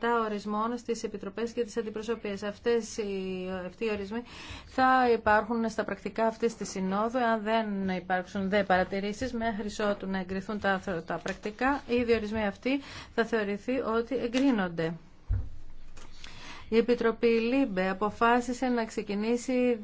τα ορισμών της επιτροπές και τι αντιπροσωπείε. Αυτές οι, αυτοί ορισμοί θα υπάρχουν στα πρακτικά αυτή τη συνόδου. Αν δεν υπάρξουν δε παρατηρήσεις, μέχρι ότου να εγκριθούν τα, τα πρακτικά, οι διορισμοί αυτοί θα θεωρηθεί ότι εγκρίνονται. Η Επιτροπή ΛΥΜΠΕ αποφάσισε να ξεκινήσει